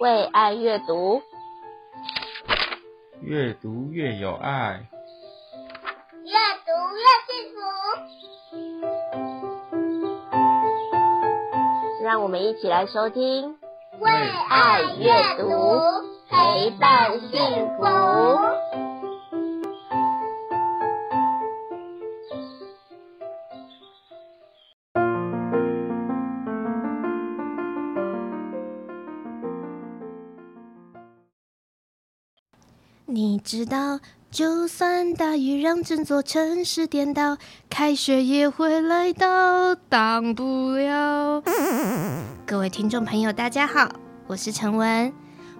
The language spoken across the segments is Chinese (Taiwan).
為愛閱讀，閱讀越有愛，閱讀越幸福。讓我們一起來收聽《為愛閱讀》閱讀，陪伴幸福。知道，就算大雨讓整座城市顛倒，開學也會來到，擋不了。 各位聽眾朋友，大家好，我是承汶，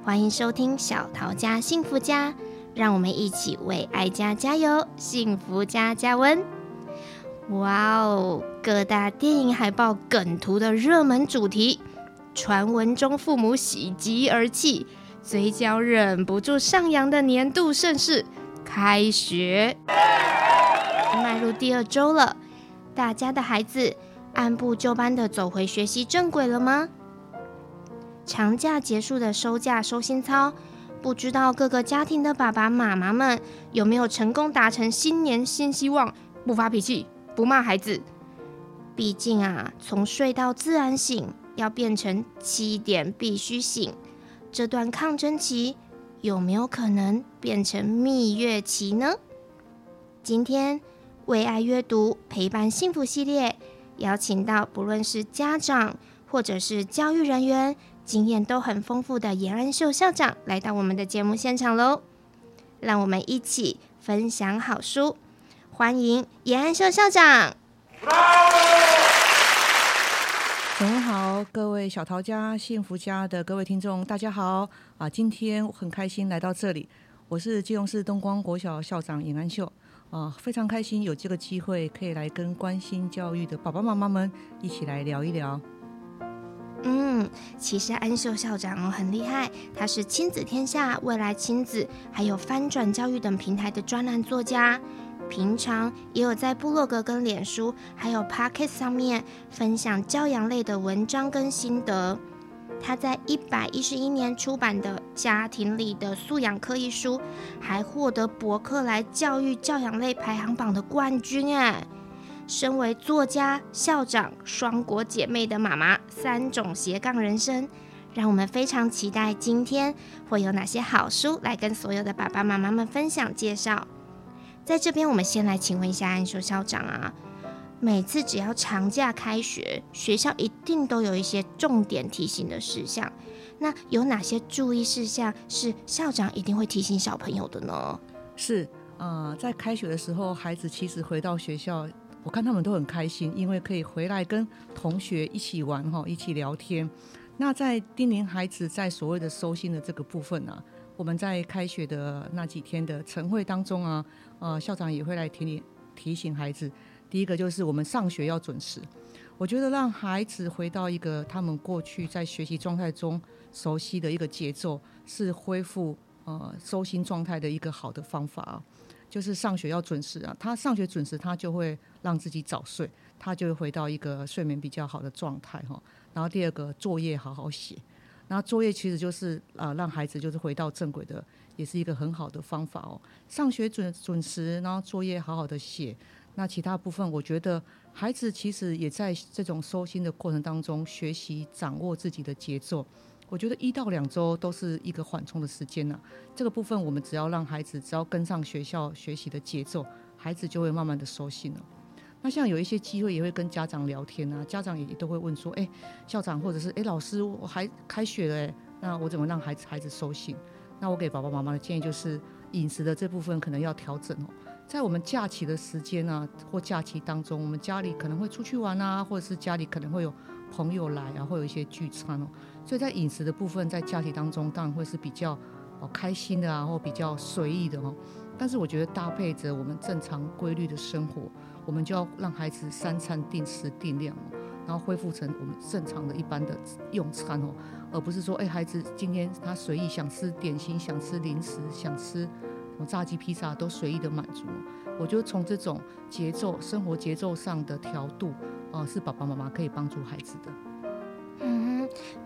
歡迎收聽《小桃家幸福家》，讓我們一起為愛家加油，幸福家加溫。哇哦，各大電影海報梗圖的熱門主題，傳聞中父母喜極而泣。嘴角忍不住上揚的年度盛事，開學，邁入第二周了，大家的孩子按部就班的走回學習正軌了嗎？長假結束的收假收心操，不知道各個家庭的爸爸媽媽們有沒有成功達成新年新希望，不發脾氣，不罵孩子。畢竟啊，從睡到自然醒，要變成七點必須醒。這段抗爭期有沒有可能變成蜜月期呢？今天為愛閱讀陪伴幸福系列邀請到不論是家長或者是教育人員經驗都很豐富的顏安秀校長來到我們的節目現場嘍，讓我們一起分享好書，歡迎顏安秀校長。各位小桃家、幸福家的各位聽眾，大家好啊！今天很開心來到這裡，我是基隆市東光國小校長顏安秀啊，非常開心有這個機會可以來跟關心教育的爸爸媽媽們一起來聊一聊。嗯，其實安秀校長很厲害，他是親子天下、未來親子還有翻轉教育等平台的專欄作家。平常也有在部落格、跟臉書，還有 Pocket 上面分享教養類的文章跟心得。他在一百一十一年出版的《家庭裡的素養課》一書，還獲得博客來教育教養類排行榜的冠軍。哎，身為作家、校長、雙國姐妹的媽媽，三種斜槓人生，讓我們非常期待今天會有哪些好書來跟所有的爸爸媽媽們分享介紹。在這邊，我們先來請問一下安秀校長啊，每次只要長假開學，學校一定都有一些重點提醒的事項。那有哪些注意事項是校長一定會提醒小朋友的呢？是，啊、呃，在開學的時候，孩子其實回到學校，我看他們都很開心，因為可以回來跟同學一起玩哈，一起聊天。那在叮嚀孩子在所謂的收心的這個部分啊。我們在開學的那幾天的晨會當中啊，呃，校長也會來提你提醒孩子。第一個就是我們上學要準時。我覺得讓孩子回到一個他們過去在學習狀態中熟悉的一個節奏，是恢復呃收心狀態的一個好的方法啊。就是上學要準時啊，他上學準時，他就會讓自己早睡，他就會回到一個睡眠比較好的狀態哈、哦。然後第二個，作業好好寫。那作業其實就是啊、呃，讓孩子就是回到正軌的，也是一個很好的方法哦。上學準準時，然後作業好好的寫。那其他部分，我覺得孩子其實也在這種收心的過程當中，學習掌握自己的節奏。我覺得一到兩周都是一個緩衝的時間呢、啊。這個部分我們只要讓孩子只要跟上學校學習的節奏，孩子就會慢慢的收心了、哦。那像有一些機會也會跟家長聊天啊，家長也都會問說：“哎、欸，校長或者是哎、欸、老師，我孩開學了，欸，那我怎麼讓孩子孩子收心？”那我給爸爸媽媽的建議就是，飲食的這部分可能要調整哦。在我們假期的時間啊，或假期當中，我們家裡可能會出去玩啊，或者是家裡可能會有朋友來啊，會有一些聚餐哦。所以在飲食的部分，在假期當中當然會是比較哦開心的，啊，或比較隨意的哦。但是我覺得搭配着我們正常規律的生活。我們就要讓孩子三餐定時定量，然後恢復成我們正常的一般的用餐哦，而不是說，哎，孩子今天他隨意想吃點心，想吃零食，想吃炸雞披薩都隨意的滿足。我覺得從這種節奏、生活節奏上的調度，哦，是爸爸媽媽可以幫助孩子的。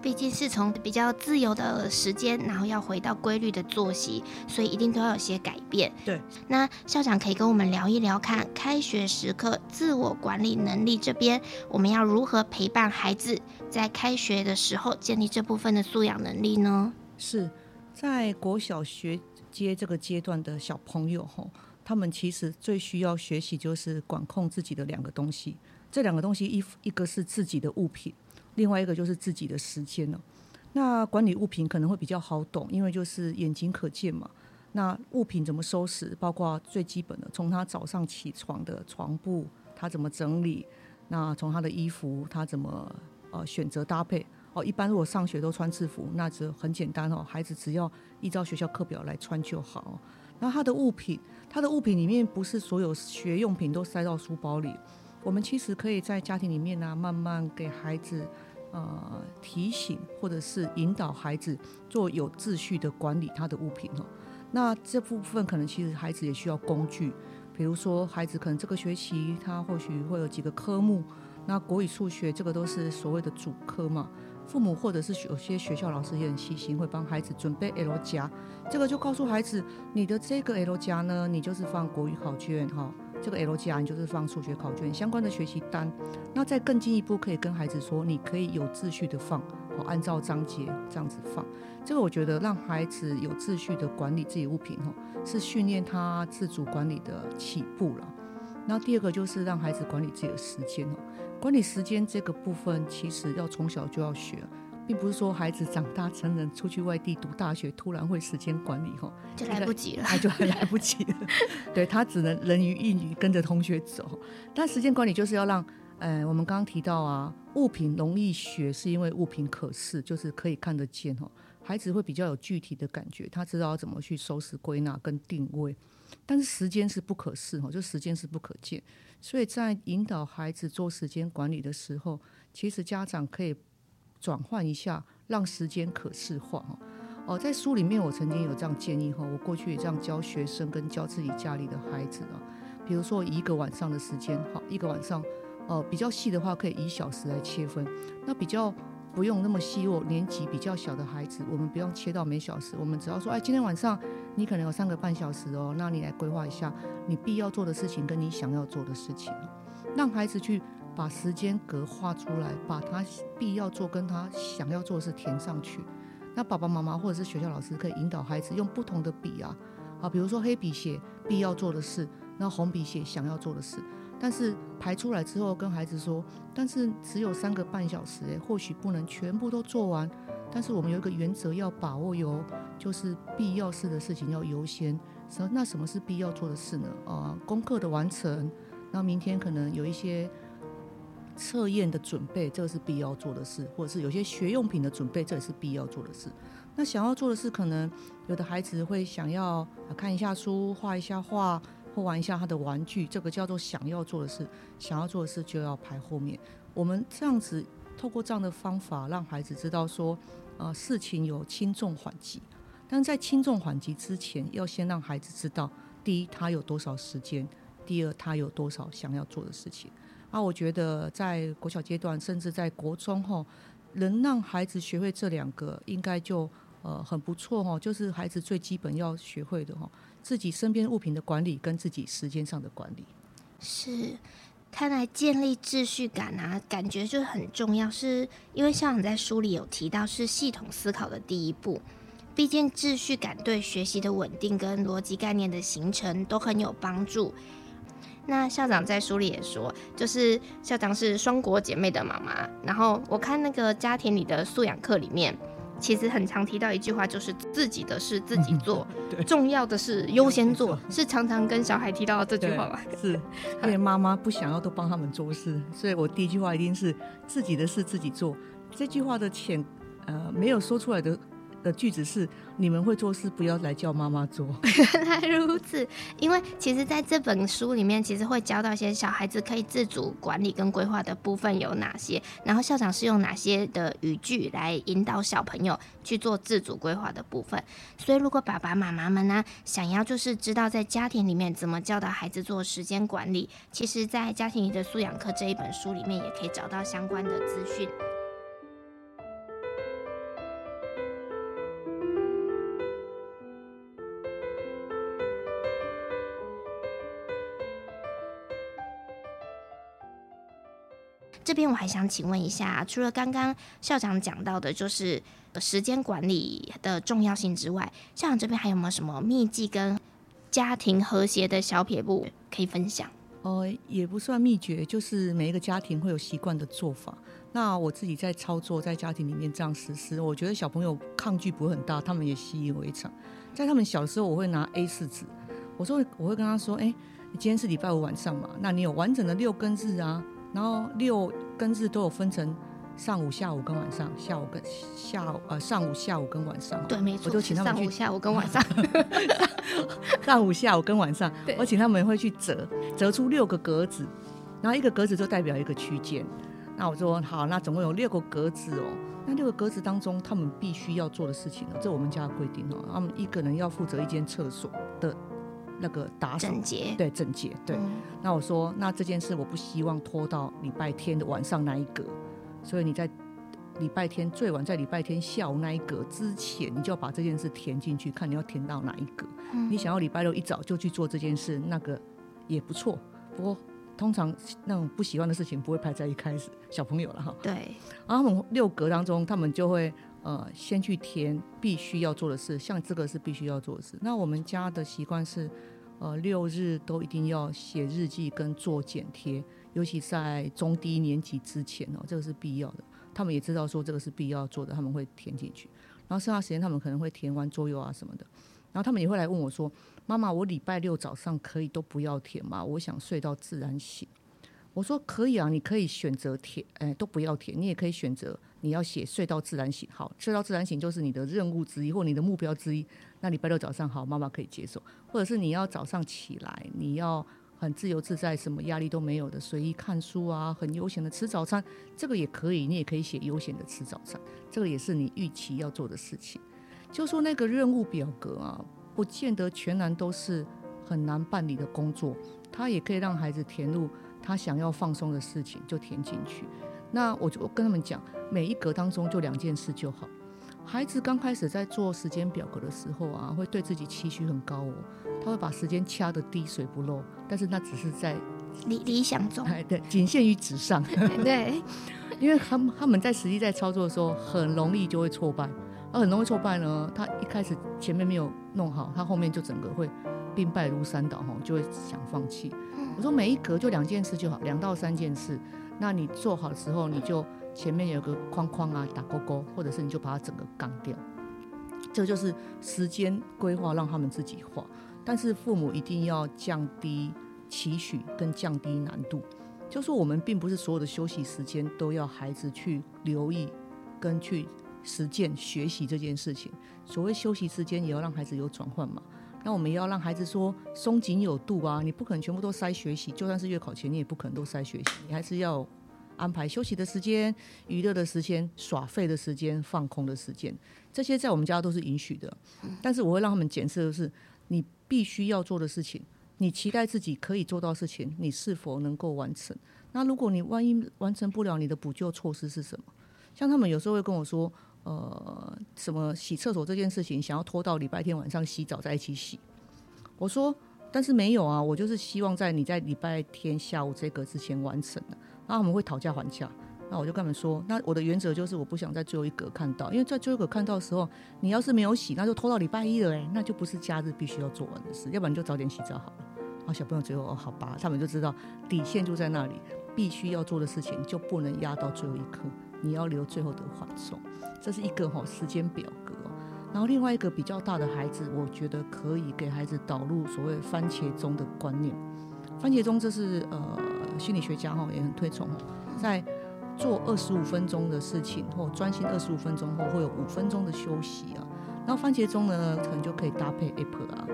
畢竟是從比較自由的時間，然後要回到規律的作息，所以一定都要有些改變。對，那校長可以跟我們聊一聊，看開學時刻自我管理能力這邊，我們要如何陪伴孩子在開學的時候建立這部分的素養能力呢？是在國小學階這個階段的小朋友吼，他們其實最需要學習就是管控自己的兩個東西，這兩個東西一一個是自己的物品，另外一個就是自己的時間了哦，那管理物品可能會比較好懂，因為就是眼睛可見嘛。那物品怎麼收拾，包括最基本的，從他早上起床的床鋪，他怎麼整理？那從他的衣服，他怎麼呃選擇搭配？哦，一般如果上學都穿制服，那就很簡單哦，孩子只要依照學校課表來穿就好。那他的物品，他的物品裡面不是所有學用品都塞到書包裡。我們其實可以在家庭裡面呢、啊，慢慢給孩子，呃，提醒或者是引導孩子做有秩序的管理他的物品哦。那這部分可能其實孩子也需要工具，比如說孩子可能這個學期他或許會有幾個科目，那國語、數學這個都是所謂的主科嘛。父母或者是有些學校老師也很細心，會幫孩子準備 L 夾，這個就告訴孩子，你的這個 L 夾呢，你就是放國語考卷哈、哦。這個 L 夾就是放數學考卷、相關的學習單，那再更進一步可以跟孩子說，你可以有秩序的放，好，按照章節這樣子放。這個我覺得讓孩子有秩序的管理自己物品吼，是訓練他自主管理的起步了。那第二個就是讓孩子管理自己的時間哦，管理時間這個部分其實要從小就要學。並不是說孩子長大成人出去外地讀大學，突然會時間管理吼，就來不及了，他、哎、就還來不及了。 對，他只能人云亦云跟着同學走。但時間管理就是要讓，呃，我們剛剛提到啊，物品容易學是因為物品可視，就是可以看得見哦。孩子會比較有具體的感覺，他知道怎麼去收拾、歸納跟定位。但是時間是不可視哦，就時間是不可見，所以在引導孩子做時間管理的時候，其實家長可以。轉換一下，讓時間可視化哈。哦，在書裡面我曾經有這樣建議哈，我過去也這樣教學生跟教自己家裡的孩子啊。比如說一個晚上的時間，好，一個晚上，哦，比較細的話可以以小時來切分。那比較不用那麼細，哦，年紀比較小的孩子，我們不用切到每小時，我們只要說，哎，今天晚上你可能有三個半小時哦，那你來規劃一下你必要做的事情跟你想要做的事情，讓孩子去。把時間格畫出來，把他必要做跟他想要做的事填上去。那爸爸媽媽或者是學校老師可以引導孩子用不同的筆啊，啊，比如說黑筆寫必要做的事，那紅筆寫想要做的事。但是排出來之後，跟孩子說，但是只有三個半小時誒、欸，或許不能全部都做完。但是我們有一個原則要把握喲，就是必要事的事情要優先。那什麼是必要做的事呢？啊，功課的完成，那明天可能有一些。測驗的準備，這個是必要做的事，或者是有些學用品的準備，這也是必要做的事。那想要做的事，可能有的孩子會想要看一下書、畫一下畫或玩一下他的玩具，這個叫做想要做的事。想要做的事就要排後面。我們這樣子透過這樣的方法，讓孩子知道說，呃，事情有輕重緩急。但在輕重緩急之前，要先讓孩子知道，第一，他有多少時間；第二，他有多少想要做的事情。那、啊、我覺得在國小階段，甚至在國中哈，能讓孩子學會這兩個應，應該就呃很不錯哈。就是孩子最基本要學會的哈，自己身邊物品的管理跟自己時間上的管理。是，看來建立秩序感啊，感覺就很重要。是因為校長在書裡有提到，是系統思考的第一步。畢竟秩序感對學習的穩定跟邏輯概念的形成都很有幫助。那校長在書裡也說，就是校長是雙國姐妹的媽媽。然後我看那個家庭裡的素養課裡面，其實很常提到一句話，就是自己的事自己做，嗯、對，重要的事優先做，對是常常跟小孩提到這句話吧。是，因為媽媽不想要都幫他們做事，所以我第一句話一定是自己的事自己做。這句話的潛，呃，沒有說出來的。的句子是：你們會做事，不要來叫媽媽做。原 來如此，因為其實，在這本書裡面，其實會教到一些小孩子可以自主管理跟規劃的部分有哪些。然後，校長是用哪些的語句來引導小朋友去做自主規劃的部分？所以，如果爸爸媽媽們呢，想要就是知道在家庭裡面怎麼教導孩子做時間管理，其實在《家庭裡的素養課》這一本書裡面也可以找到相關的資訊。這邊我還想請問一下，除了剛剛校長講到的就是時間管理的重要性之外，校長這邊還有沒有什麼秘籍、跟家庭和諧的小撇步可以分享？呃，也不算秘訣，就是每一個家庭會有習慣的做法。那我自己在操作，在家庭裡面這樣實施，我覺得小朋友抗拒不會很大，他們也習以為常。在他們小時候，我會拿 A 四紙，我說我會跟他說：“哎、欸，你今天是禮拜五晚上嘛，那你有完整的六跟日啊？”然後六。跟日都有分成上午、下午跟晚上，下午跟下午呃，上午、下午跟晚上。對，沒錯。我就請他們去。上午、下午跟晚上。 上午、下午跟晚上。對我請他們會去折，折出六個格子，然後一個格子就代表一個區間。那我說好，那總共有六個格子哦。那六個格子當中，他們必須要做的事情呢，這我們家的規定哦。他們一個人要負責一間廁所的。那個打整潔，整潔，對整潔，對。嗯、那我說，那這件事我不希望拖到禮拜天的晚上那一格，所以你在禮拜天最晚在禮拜天下午那一格之前，你就要把這件事填進去，看你要填到哪一格？嗯、你想要禮拜六一早就去做這件事，那個也不錯。不過通常那種不喜歡的事情不會排在一開始，小朋友了哈。對。然後他們六格當中，他們就會呃先去填必須要做的事，像這個是必須要做的事。那我們家的習慣是。呃，六日都一定要寫日記跟做剪貼，尤其在中低年級之前哦，這個是必要的。他們也知道說這個是必要做的，他們會填進去。然後剩下時間他們可能會填完作業啊什麼的，然後他們也會來問我說：“媽媽，我禮拜六早上可以都不要填嗎？我想睡到自然醒。”我說可以啊，你可以選擇填，哎，都不要填。你也可以選擇，你要寫睡到自然醒。好，睡到自然醒就是你的任務之一，或你的目標之一。那禮拜六早上好，媽媽可以接受。或者是你要早上起來，你要很自由自在，什麼壓力都沒有的隨意看書啊，很悠閒的吃早餐，這個也可以。你也可以寫悠閒的吃早餐，這個也是你預期要做的事情。就說那個任務表格啊，不見得全然都是很難辦理的工作，它也可以讓孩子填入。他想要放鬆的事情就填進去，那我就跟他們講，每一格當中就兩件事就好。孩子剛開始在做時間表格的時候啊，會對自己期許很高哦，他會把時間掐得滴水不漏，但是那只是在理理想中，哎對，僅限於紙上。 對，因為他們他們在實際在操作的時候，很容易就會挫敗，那很容易挫敗呢，他一開始前面沒有弄好，他後面就整個會兵敗如山倒哈，就會想放棄。我說每一格就兩件事就好，兩到三件事。那你做好的時候，你就前面有個框框啊，打勾勾，或者是你就把它整個槓掉。這就是時間規劃，讓他們自己畫。但是父母一定要降低期許跟降低難度，就是我們並不是所有的休息時間都要孩子去留意跟去實踐學習這件事情。所謂休息時間，也要讓孩子有轉換嘛。那我們要讓孩子說鬆緊有度啊，你不可能全部都塞學習，就算是月考前，你也不可能都塞學習，你還是要安排休息的時間、娛樂的時間、耍廢的時間、放空的時間，這些在我們家都是允許的。但是我會讓他們檢測的是，你必須要做的事情，你期待自己可以做到的事情，你是否能夠完成？那如果你萬一完成不了，你的補救措施是什麼？像他們有時候會跟我說。呃，什麼洗廁所這件事情，想要拖到禮拜天晚上洗澡再一起洗。我說，但是沒有啊，我就是希望在你在禮拜天下午這個之前完成的、啊。然後他們會討價還價，那我就跟他們說，那我的原則就是我不想在最後一格看到，因為在最後一格看到的時候，你要是沒有洗，那就拖到禮拜一了、欸，哎，那就不是假日必須要做完的事，要不然你就早點洗澡好了。啊。小朋友最後哦，好吧，他們就知道底線就在那裡，必須要做的事情就不能壓到最後一刻。你要留最後的緩衝，這是一個時間表格。然後另外一個比較大的孩子，我覺得可以給孩子導入所謂番茄鐘的觀念。番茄鐘這是呃心理學家哈也很推崇，在做二十五分鐘的事情或專心二十五分鐘後會有五分鐘的休息啊。然後番茄鐘呢，可能就可以搭配 apple 啊。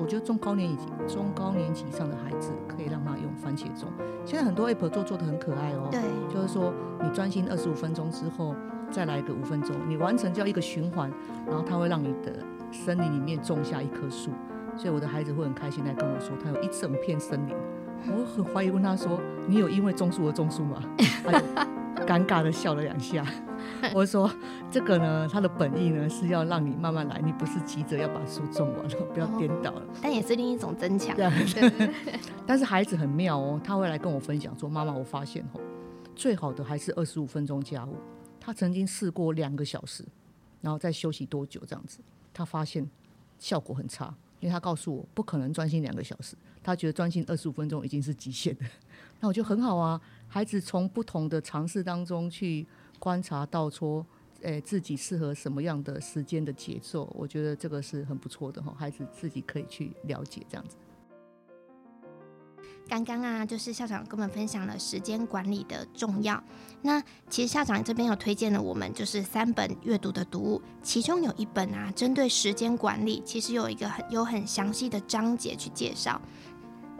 我覺得中高年以及中高年級以上的孩子，可以讓他用番茄鐘，現在很多 app 做做的很可愛哦，對，就是說你專心二十五分鐘之後，再來一個五分鐘，你完成這樣一個循環，然後它會讓你的森林裡面種下一棵樹。所以我的孩子會很開心來跟我說，他有一整片森林。我很懷疑問他說，你有因為種樹而種樹嗎？哎 尷尬地笑了兩下，我說：“這個呢，他的本意呢是要讓你慢慢來，你不是急着要把書種完了，不要顛倒了哦。但也是另一種增強。這樣 但是孩子很妙哦，他會來跟我分享說：‘媽媽，我發現哦，最好的還是二十五分鐘家務。’他曾經試過兩個小時，然後再休息多久這樣子，他發現效果很差，因為他告訴我不可能專心兩個小時，他覺得專心二十五分鐘已經是極限了。那我就很好啊。”孩子從不同的嘗試當中去觀察，到說，誒自己適合什麼樣的時間的節奏，我覺得這個是很不錯的哈。孩子自己可以去了解這樣子。剛剛啊，就是校長跟我們分享了時間管理的重要。那其實校長這邊有推薦了我們就是三本閱讀的讀物，其中有一本啊，針對時間管理，其實有一個有很詳細的章節去介紹。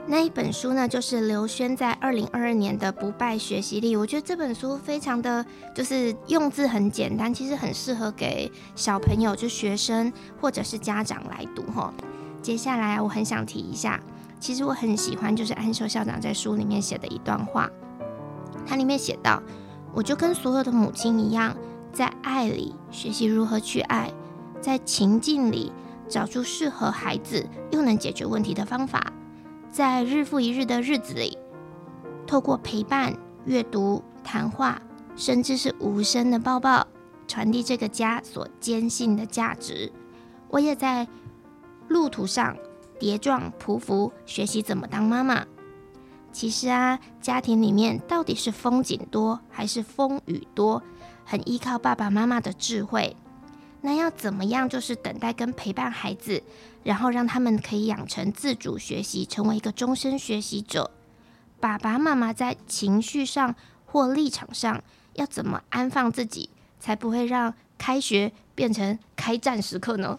那一本書呢，就是劉軒在二零二二年的《不敗學習力》。我覺得這本書非常的就是用字很簡單，其實很適合給小朋友、就學生或者是家長來讀哈。接下來我很想提一下，其實我很喜歡就是安秀校長在書裡面寫的一段話，他裡面寫道：“我就跟所有的母親一樣，在愛裡學習如何去愛，在情境裡找出適合孩子又能解決問題的方法。”在日復一日的日子裡，透過陪伴、閱讀、談話，甚至是無聲的抱抱，傳遞這個家所堅信的價值。我也在路途上跌撞、匍匐，學習怎麼當媽媽。其實啊，家庭裡面到底是風景多還是風雨多，很依靠爸爸媽媽的智慧。那要怎麼樣？就是等待跟陪伴孩子，然後讓他們可以養成自主學習，成為一個終身學習者。爸爸媽媽在情緒上或立場上要怎麼安放自己，才不會讓開學變成開戰時刻呢？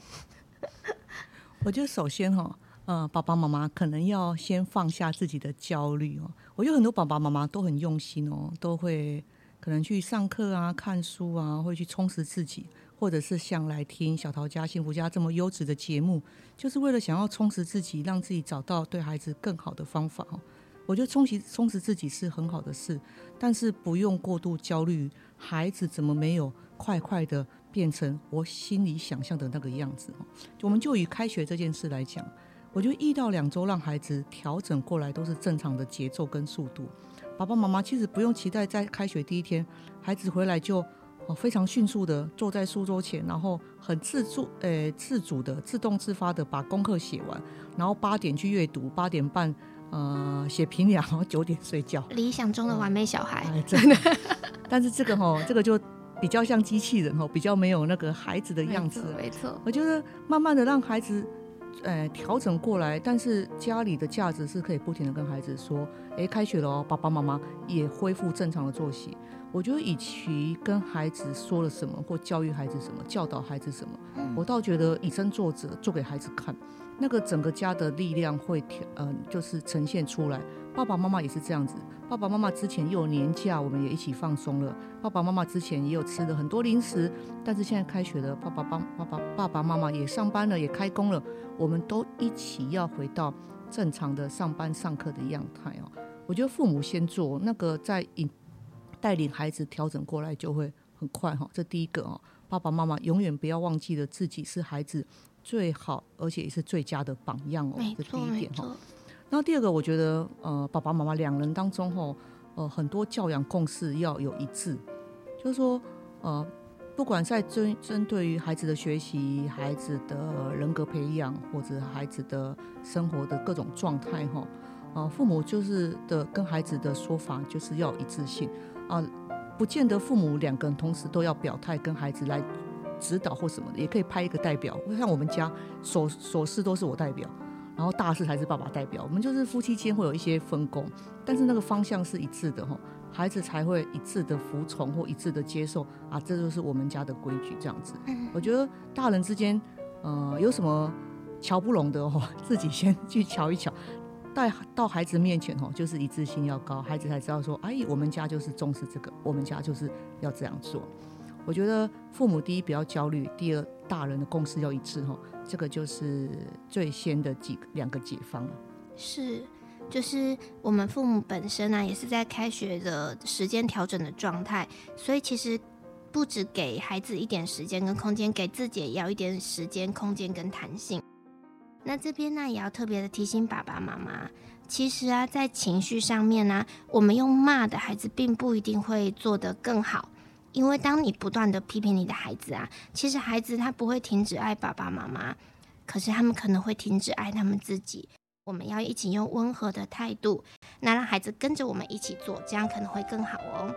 我覺得首先哈、哦，嗯，爸爸媽媽可能要先放下自己的焦慮哦。我覺得很多爸爸媽媽都很用心哦，都會可能去上課啊、看書啊，會去充實自己。或者是想來聽小桃家幸福家這麼優質的節目，就是為了想要充實自己，讓自己找到對孩子更好的方法。我覺得充實充實自己是很好的事，但是不用過度焦慮孩子怎麼沒有快快的變成我心裡想象的那個樣子。我們就以開學這件事來講，我覺得一到兩週讓孩子調整過來都是正常的節奏跟速度。爸爸媽媽其實不用期待在開學第一天孩子回來就。哦，非常迅速的坐在書桌前，然後很自主，呃、欸，自主的、自動自發的把功課寫完，然後八點去閱讀，八點半，呃，寫評量，然後九點睡覺。理想中的完美小孩，嗯哎、真的。 但是這個哈，這個就比較像機器人哦，比較沒有那個孩子的樣子。沒錯，沒錯，我覺得慢慢的讓孩子。呃，調整過來，但是家裡的價值是可以不停的跟孩子說，哎、欸，開學了，哦，爸爸媽媽也恢復正常的作息。我覺得，與其跟孩子說了什麼，或教育孩子什麼，教導孩子什麼，我倒覺得以身作則，做給孩子看，那個整個家的力量會嗯、呃，就是呈現出來。爸爸媽媽也是這樣子，爸爸媽媽之前又有年假，我們也一起放鬆了。爸爸媽媽之前也有吃了很多零食，但是現在開學了，爸爸爸爸爸爸媽媽也上班了，也開工了，我們都一起要回到正常的上班上課的樣態哦。我覺得父母先做那個再，在帶領孩子調整過來就會很快哈。這第一個哦，爸爸媽媽永遠不要忘記了自己是孩子最好而且也是最佳的榜樣沒錯，哦。這第一點哈。那第二個，我覺得，呃，爸爸媽媽兩人當中吼，呃，很多教養共識要有一致，就是說，呃，不管在針針對於孩子的學習、孩子的人格培養或者孩子的生活的各種狀態哈，啊父母就是的跟孩子的說法就是要一致性啊，不見得父母兩個人同時都要表態跟孩子來指導或什麼的，也可以派一個代表，像我們家所所事都是我代表。然後大事才是爸爸代表，我們就是夫妻間會有一些分工，但是那個方向是一致的吼，孩子才會一致的服從或一致的接受啊，這就是我們家的規矩這樣子。我覺得大人之間，呃，有什麼瞧不攏的哦，自己先去瞧一瞧，帶到孩子面前吼，就是一致性要高，孩子才知道說，哎，我們家就是重視這個，我們家就是要這樣做。我覺得父母第一不要焦慮，第二大人的共識要一致哈。這個就是最先的幾個，兩個解方是，就是我們父母本身呢、啊，也是在開學的時間調整的狀態，所以其實不止給孩子一點時間跟空間，給自己也要一點時間、空間跟彈性。那這邊呢，也要特別的提醒爸爸媽媽，其實啊，在情緒上面呢、啊，我們用罵的孩子，並不一定會做得更好。因為當你不斷的批評你的孩子啊，其實孩子他不會停止愛爸爸媽媽，可是他們可能會停止愛他們自己。我們要一起用溫和的態度，那讓孩子跟着我們一起做，這樣可能會更好哦。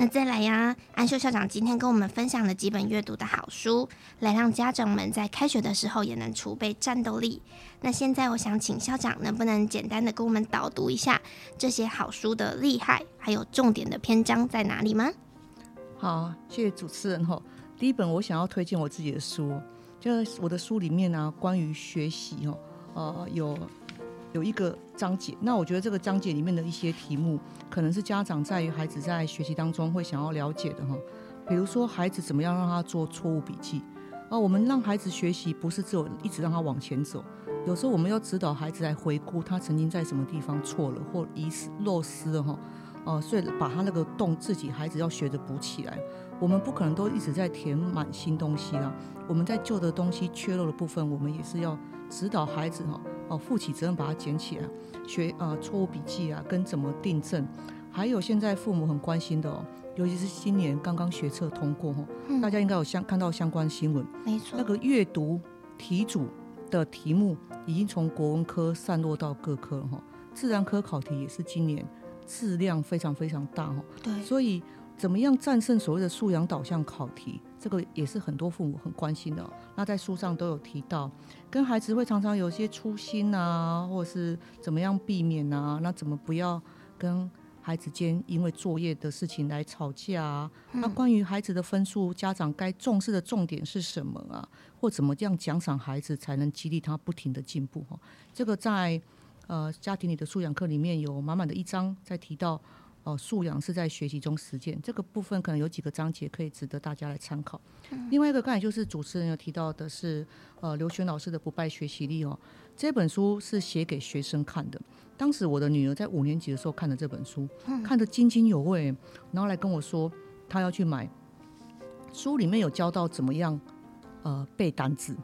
那再來呀，安秀校長今天跟我們分享了幾本閱讀的好書，來讓家長們在開學的時候也能儲備戰鬥力。那現在我想請校長，能不能簡單的跟我們導讀一下這些好書的厲害，還有重點的篇章在哪裡嗎？好，謝謝主持人吼，哦，第一本我想要推薦我自己的書，就是我的書裡面呢，啊，關於學習哦，呃，有。有一個章節，那我覺得這個章節裡面的一些題目，可能是家長在於孩子在學習當中會想要了解的哈。比如說孩子怎麼樣讓他做錯誤筆記，啊，我們讓孩子學習不是只有一直讓他往前走，有時候我們要指導孩子來回顧他曾經在什麼地方錯了或遺失漏失了哈，哦，所以把他那個洞自己孩子要學着補起來。我們不可能都一直在填滿新東西啦，我們在舊的東西缺漏的部分，我們也是要指導孩子哈。哦，負起責任把它撿起來，學啊錯誤筆記啊，跟怎麼訂正，還有現在父母很關心的哦，尤其是今年剛剛學測通過哈，嗯、大家應該有相看到相關新聞，沒錯，那個閱讀題組的題目已經從國文科散落到各科了哈，自然科考題也是今年質量非常非常大哈，對，所以。怎麼樣戰勝所謂的素養導向考題？這個也是很多父母很關心的。那在書上都有提到，跟孩子會常常有些粗心啊，或者是怎麼樣避免啊？那怎麼不要跟孩子間因為作業的事情來吵架啊？嗯。那關於孩子的分數，家長該重視的重點是什麼啊？或怎麼這樣獎賞孩子才能激勵他不停的進步？哈，這個在呃家庭裡的素養課裡面有滿滿的一章在提到。哦，素養是在學習中實踐這個部分，可能有幾個章節可以值得大家來參考。嗯、另外一個，剛才就是主持人有提到的是，呃，劉軒老師的《不敗學習力》哦，這本書是寫給學生看的。當時我的女兒在五年級的時候看的這本書，嗯、看得津津有味，然後來跟我說，她要去買書，裡面有教到怎麼樣，呃，背單字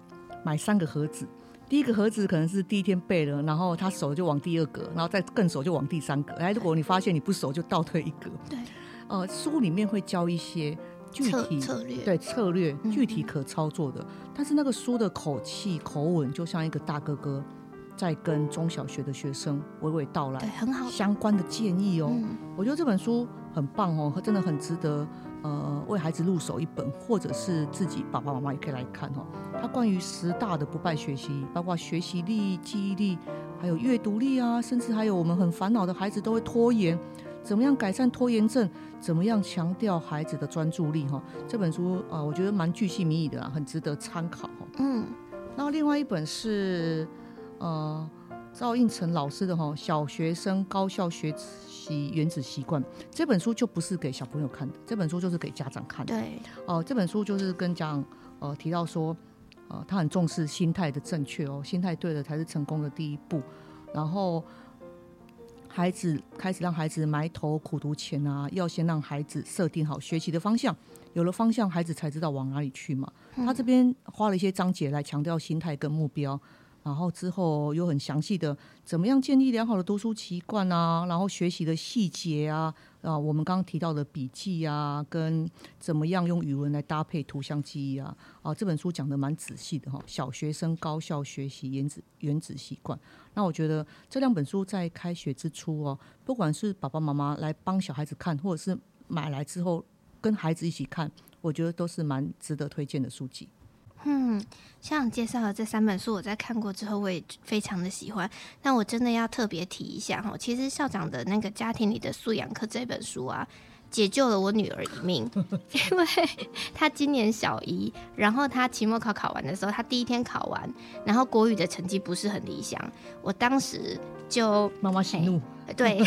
買三個盒子。第一個盒子可能是第一天背了，然後他熟就往第二格，然後再更熟就往第三格，哎。如果你發現你不熟，就倒退一格。對，呃，書裡面會教一些具體策略，對策略具體可操作的。嗯嗯，但是那個書的口氣口吻，就像一個大哥哥，在跟中小學的學生娓娓道來，對，很好相關的建議哦。嗯、我覺得這本書很棒哦，真的很值得。呃，為孩子入手一本，或者是自己爸爸媽媽也可以來看哈、哦，它關於十大的不敗學習，包括學習力、記憶力，還有閱讀力啊，甚至還有我們很煩惱的孩子都會拖延，怎麼樣改善拖延症？怎麼樣強調孩子的專注力、哦？哈，這本書啊、呃，我覺得蠻鉅細靡遺的、啊，很值得參考。嗯，那另外一本是，呃。趙胤丞老師的《吼小學生高效學習原子習慣》這本書就不是給小朋友看的，這本書就是給家長看的。對，哦、呃，這本書就是跟講，呃，提到說，呃，他很重視心態的正確哦，心態對了才是成功的第一步。然後，孩子開始讓孩子埋頭苦讀前啊，要先讓孩子設定好學習的方向，有了方向，孩子才知道往哪裡去嘛。嗯、他這邊花了一些章節來強調心態跟目標。然後之後有很詳細的怎麼樣建立良好的讀書習慣啊，然後學習的細節啊，啊，我們剛剛提到的筆記啊，跟怎麼樣用語文來搭配圖像記憶啊，啊，這本書講得蠻仔細的哈、哦。小學生高效學習原子原子習慣。那我覺得這兩本書在開學之初哦，不管是爸爸媽媽來幫小孩子看，或者是買來之後跟孩子一起看，我覺得都是蠻值得推薦的書籍。嗯，像你介紹的這三本書，我在看過之後，我也非常的喜歡。但我真的要特別提一下哈，其實校長的那個家庭裡的素養課這本書啊。解救了我女兒一命， 因為她今年小一，然後她期末考考完的時候，她第一天考完，然後國語的成績不是很理想，我當時就媽媽想錄對，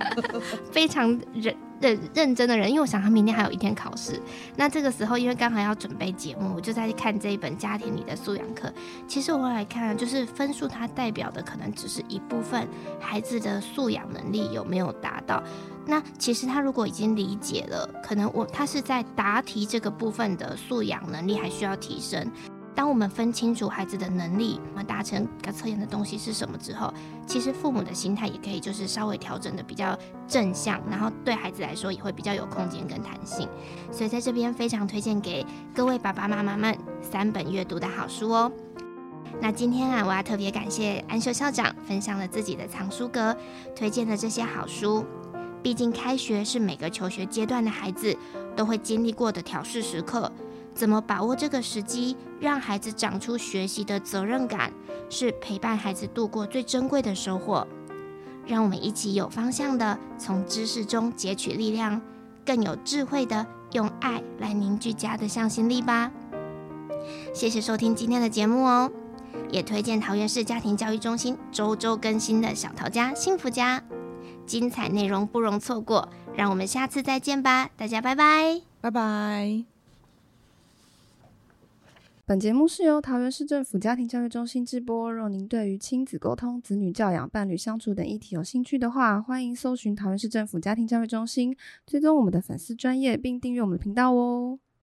非常認認認真的人，因為我想她明天還有一天考試，那這個時候因為剛好要準備節目，我就在看這一本家庭裡的素養課。其實我來看，就是分數它代表的可能只是一部分孩子的素養能力有沒有達到。那其實他如果已經理解了，可能我他是在答題這個部分的素養能力還需要提升。當我們分清楚孩子的能力和達成個測驗的東西是什麼之後，其實父母的心態也可以就是稍微調整得比較正向，然後對孩子來說也會比較有空間跟彈性。所以在這邊非常推薦給各位爸爸媽媽們三本閱讀的好書哦。那今天啊，我要特別感謝安秀校長分享了自己的藏書閣，推薦的這些好書。畢竟，開學是每個求學階段的孩子都會經歷過的調適時刻。怎麼把握這個時機，讓孩子長出學習的責任感，是陪伴孩子度過最珍貴的收穫。讓我們一起有方向的從知識中汲取力量，更有智慧的用愛來凝聚家的向心力吧。謝謝收聽今天的節目哦，也推薦桃園市家庭教育中心週週更新的小桃家幸福家。精彩內容不容錯過，讓我們下次再見吧，大家拜拜，拜拜。本節目是由桃園市政府家庭教育中心製播，若您對於親子溝通、子女教養、伴侶相處等議題有興趣的話，歡迎搜尋桃園市政府家庭教育中心，追蹤我們的粉絲專頁，並訂閱我們的頻道哦。